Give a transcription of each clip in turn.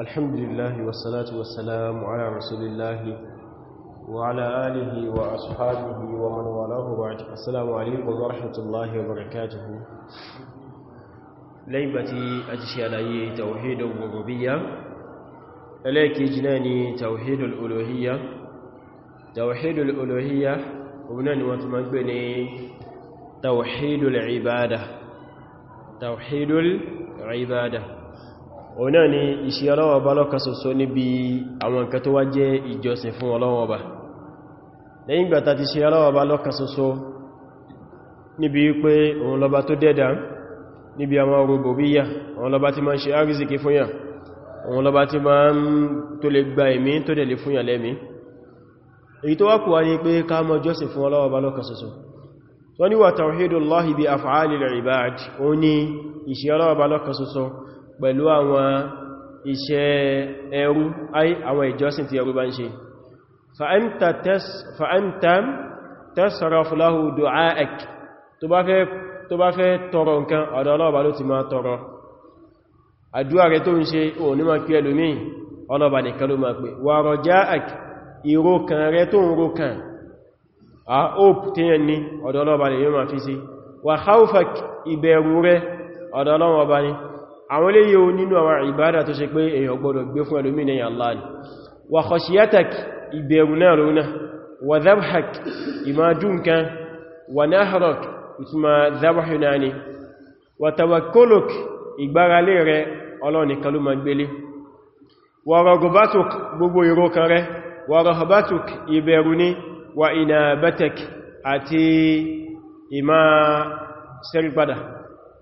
الحمد لله والصلاة والسلام على رسول الله وعلى آله وأصحابه ومن والاه بعد السلام عليكم ورحمة الله وبركاته ليبتي أجشي علي توحيد الربوبية إليك جناني توحيد الألوهية توحيد الألوهية وبنان بني توحيد العبادة توحيد العبادة òun náà ni ìṣe Ọlọ́hun Ọba lọ́kan ṣoṣo níbi àwọn nǹkan tó wá jẹ́ ìjọsìn fún Ọlọ́hun Ọba lẹ́yìn gbàtà ti ṣe Ọlọ́hun Ọba lọ́kan ṣoṣo níbi wípé òun lọba tó dẹ́dà níbi àwọn rububiyya òun lọba tí ma ń ṣe arziki fún yà òun lọba tí ma ń tó lè gba ìṣẹ́ Ọlọ́hun Ọba lọ́kan ṣoṣo pẹ̀lú àwọn iṣẹ́ ẹrú ay àwọn ìjọsìn tí ẹrú bá ń ṣe fa'anta tasarafu lahu du'a'ak tó bá fẹ́ tọrọ nǹkan ọ̀dọ̀ ọlọ́ọ̀bá ló ti máa tọrọ àdúrà rẹ̀ tó ń ṣe ò ní máa pí ẹlòmí ọlọ́ọ̀bá nìkan ló máa pè wà raja'ak ìrókàn rẹ̀ tó ń rókàn a hope tí yẹn ní ọ̀dọ̀ ọlọ́ọ̀bá ni yóò máa fi sí wà khawfak ìbẹ̀rù rẹ̀ ọ̀dọ̀ ọlọ́ọ̀bá ni àwọn eléyìí o nínú àwọn ìbádà tó ṣe pé èyàn gbọdọ̀ gbé fún ẹlòmí ní Allah ni wa khashiyatak ìbẹ̀rù náà lónà wa dhabhak ìmájúnkan wa nahrak ìtumà dhabhu náà ni ìmá sẹ́rípadà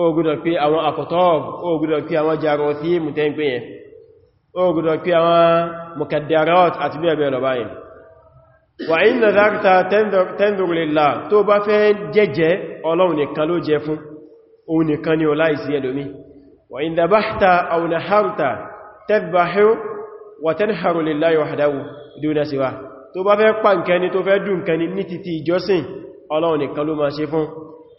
ó gbọ́dọ̀ pé àwọn akọ̀tọ́ọ̀b ó gbọ́dọ̀ pé àwọn jarọ̀tí mùtẹ́ ń pè yẹn ó gbọ́dọ̀ pé àwọn mukaddarot àti bẹ́ẹ̀ bẹ́ẹ̀ lọ báyìí wà inna dharta tanzur lillah tó bá fẹ́ jẹ́jẹ́ ọlọ́run nìkan ló jẹ fún òun nìkan ni ọlá ìsí ẹlòmí wà in dabahta aw naharta tadbahu wa tanharu lillahi wahdahu duna siwa tó bá fẹ́ pa nǹkan ni tó fẹ́ dùn nǹkan ni titi ìjọsìn ọlọ́run nìkan ló máa ṣe fún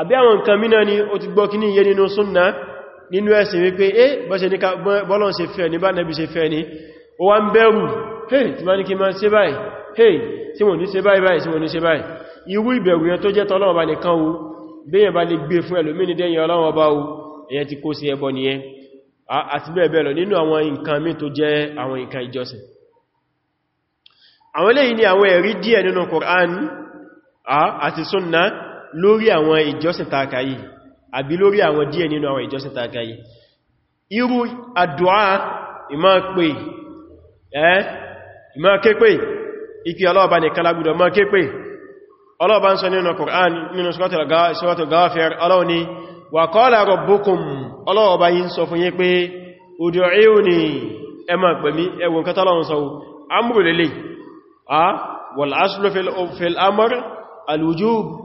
àbí àwọn nǹkan mìíràn ni ó ti gbọ́ kí ní iye nínú súnnà nínú ẹ̀sìn wípé eh bọ́lọ́n ṣe fẹ́ ní bá nẹ́bí ṣe fẹ́ ní ó wá ń bẹ̀rù hey tí ma hey tí wọ́n ní ṣe báyìí báyìí tí wọ́n ní ṣe báyìí irú ìbẹ̀rù yẹn tó jẹ́ tọ́lọ́run ọba nìkan o béèyàn bá lè gbé e fún ẹlòmíì dẹ́yìn Ọlọ́run ọba o èyàn ti kó sí ẹbọ nìyẹn àti bẹ́ẹ̀ bẹ́ẹ̀ àwọn eléyìí ni àwọn ẹ̀rí díẹ̀ nínú Qur'an àti sunnah lórí àwọn ìjọsìn tààkà yìí àbí lórí àwọn díẹ̀ nínú àwọn ìjọsìn tààkà yìí irú àdúà ìmá pè ẹ́ ìmá ké pè ipi ọlọ́ọ̀bá nìkan lágbùdọ̀ mọ́ ké pè ọlọ́ọ̀bá ń sọ nínú Qur'an nínú suratul Ghafir ọlọ́ọ̀ni wa qala rabbukum ọlọ́ọ̀bá yìí ń sọ fún yín pé ud'uni ẹ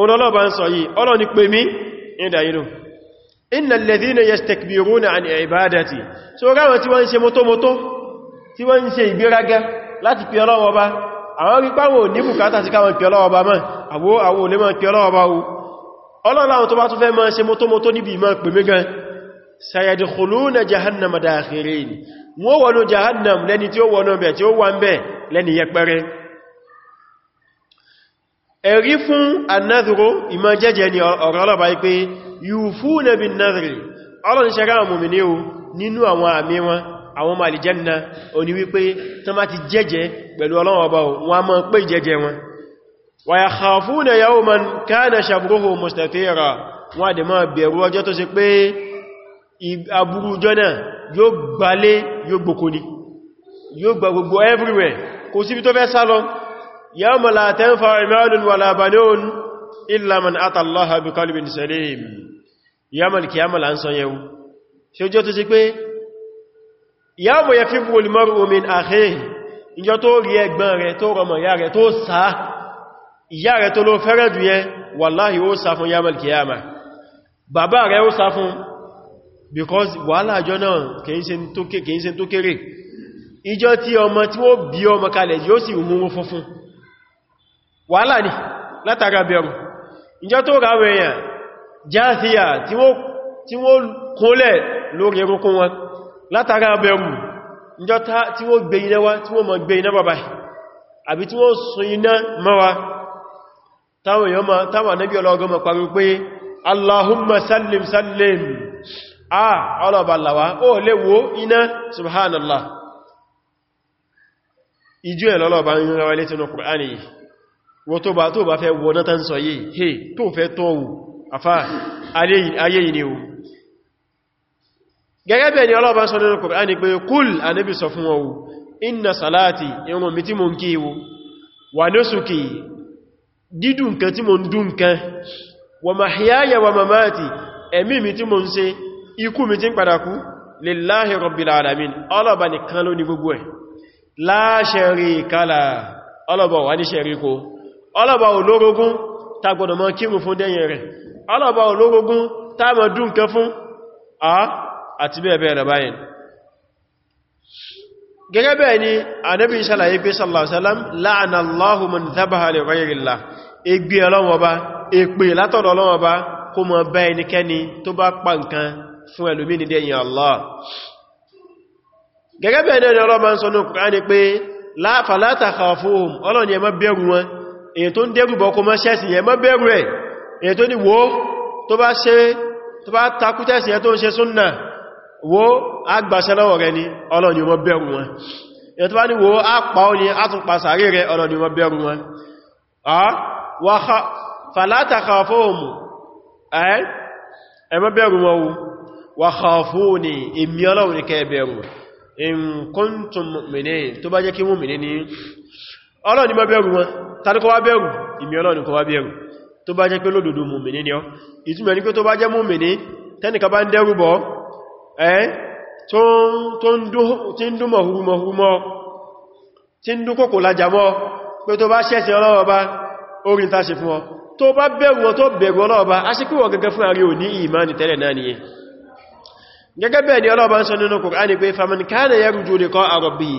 olọ́lọ́ba ń sọ yìí ọlọ́ ni pè mí ìdá ìlú inna alladhina yastakbiruna an ibadati so ráwọn tí wọ́n ń ṣe mọ́tọ́mọ́tọ́ tí wọ́n ń ṣe ìgbéraga láti pè ọlọ́wọ́ bá àwọn rípáwọ̀ ní bùkátà sí káwọn pè ọlọ́wọ́ bá mọ́ àwọ́ àwọ́ olè mọ́ pè ọlọ́wọ́ bá o ọlọ́láwọn tó bá tún fẹ́ mọ́ ṣe mọ́tọ́mọ́tọ́ níbi ìmọ̀ pè mí gan sayadkhuluna jahannama dakhirin ẹ̀rí fún annadhro ìmọ̀ jẹ́jẹ́ ni ọ̀rọ̀ ọlọ́bà yí pé yufuna bin nadhri ọlọ́ni ṣẹ́gá àmùmìní o nínú àwọn àmì wọn àwọn ọmọ àlìjẹ́nà oní wípé tán bá ti jẹ́jẹ́ pẹ̀lú Ọlọ́run Ọba wọn a mọ́ pé jẹ́jẹ́ wọn wa yakhafuna yawman kana everywhere kò síbi tó fẹ́ sálọ يوم لا تنفع مال ولا بنون إلا من أتى الله بقلب سليم يوم الكيامة لأنسان يوم ṣe jọ tó sí pé ya mọ̀ ya fi bú olùmọ́rù omin àhẹ́ ìjọ tó rí ẹgbọ́n rẹ̀ tó rọmọ ìyá rẹ̀ tó sáà ìyá rẹ̀ tó ló fẹ́rẹ̀ jù yẹ wàláhì because wàhálà àjọ náà kìí ṣe tó kéré ìjọ tí ọmọ tí ó bí ọmọ kalẹ̀ yóò sì mú funfun wàhálà ní látara bẹ̀rù ìjọ tó ráwẹ̀ èèyàn jáàsíyà tí wọ́n kúnlẹ̀ lórí erunkun wọn látara bẹ̀rù ìjọ tí wọ́n gbé iná wá tí mọ̀ gbé iná bàbá àbí tí sun iná mọ́wa táwọn anábí ọlọ́gọ́ mọ̀ parí lawa ó lè wo subhanallah ijú ń létí yìí wọ́n tó bá tó bá fẹ́ wọ́ná tán sọ yìí he tó fẹ́ tọ́wù afá ayé yìí ni o gẹ́gẹ́ bẹ̀ ni ọlọ́bá sọ nínú kòrán ni pé kúl anábì sọ fún ọwọ́ inna salati irun mi tí mo ń kíwo wà ní sùkì dídùnkan tí mo ń dùnkan wà mahyaya wà mamati ẹ̀mí mi tí mo ń ṣe ikú mi tí ń padà kú lillahi rabbil alamin ọlọ́bá nìkan ló ní la sharika la ọlọ́bá wà ní ṣẹ̀ríkó ọlọ́bà olórogún tá gbọ́dọ̀ mọ́ kírun fún dẹ́yìn rẹ̀ ọlọ́bà olórogún tá mọ́ dùn kẹ fún a àti bẹ́ẹ̀bẹ́ẹ̀ rẹ̀ báyìí gẹ́gẹ́ bẹ́ẹ̀ ni Ànábì ṣàlàyé pé sallallahu alaihi wasallam la'ana Allahu gẹ́gẹ́ ń sọ ní pé èyàn tó ń dẹ́rùbọ̀ kó mọ́ ṣẹ́sì yẹn mọ́ bẹ̀rù ẹ̀ èyàn tó ní wo tó bá ṣe tó bá takú tẹ́sì yẹn tó ń ṣe súnnà wo agbàṣẹ́ lọ́wọ́ ní a pa ó ní a tún pa sàárè rẹ ọlọ́ni mọ́ bẹ̀rù wọn fàlátà kàfóòmù ẹ ni Ọlọ́run ni mo bẹ̀rù wọn tàbí kó wá bẹ̀rù ìmì Ọlọ́run kó wá bẹ̀rù tó bá jẹ́ pé lódòdó mùmìnì ni ọ́ ìtumọ̀ ní pé tó bá jẹ́ mùmìnì tẹ́nìkan bá ń dẹ́rù bọ́ ẹ́ tó ń dún mọ̀húrúmọ̀ tí ń dún kòkò lájà mọ́ pé tó bá ṣẹ̀sìn ọlọ́ọ̀bá orin ta ṣe gẹ́gẹ́ fún ni ọlọ́ọ̀bá ń sọ nínú Kùránì pé faman kana yarju liqa'a rabbih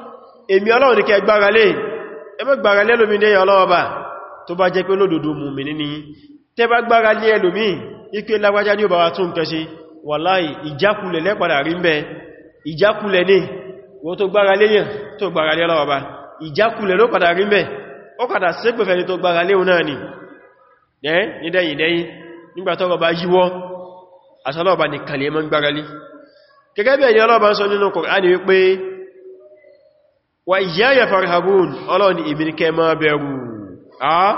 èmi ọlọ́run ní kẹ gbáralé ẹmọ́ gbáralé lómi ní ọlọ́wọ́ bá tó bá jẹ́ pé lódòdó mùmí ní tẹ bá gbáralé ẹlòmí ipé lágbájá ní òbára tún kẹ́ sí wàláì ìjákulẹ̀ lẹ́pàdà rí mbẹ ìjákulẹ̀ ní wọ́n tó gbáralé yẹn tó gbáralé ọlọ́wọ́ bá ìjákulẹ̀ ló padà rí mbẹ ó padà sépèfẹ́ ni tó gbáralé òun náà ni ẹ́ ní dẹ́yìn dẹ́yìn nígbà tọ́rọ bá yíwọ́ àṣọ́lọ́ọ̀bá ni kàlẹ̀ mọ́ wa iyaya farhabun ọlọ́run ni èmi ni kẹ́ máa bẹ̀rù ah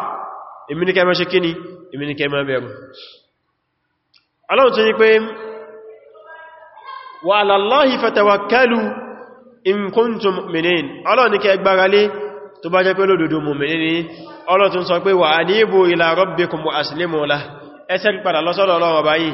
èmi ni kẹ́ máa ṣe kíni èmi ni kẹ́ máa bẹ̀rù ọlọ́run tún ní pé wa ala Allahi fatawakkalu in kuntum mu'minin ọlọ́run ni kẹ́ gbára tó bá pé lódodo mu'minin ni ọlọ́run tún sọ ọlọ́run ọba yìí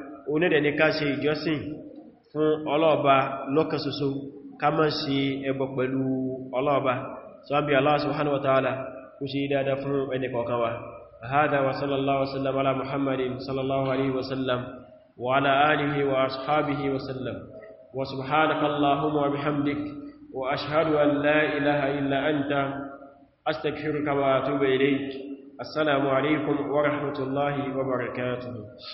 onídẹ̀ ní ká ṣe ìjọsìn fún ọlọ́ọ̀ba lọ́kan ṣoṣo ká má ṣe ẹbọ pẹ̀lú ọlọ́ọ̀ba sọ́bí Allah subhanahu wa ta'ala kú ṣe dáadáa fún ẹni kọ̀ọ̀kan wa hada wa sallallahu wasallam ala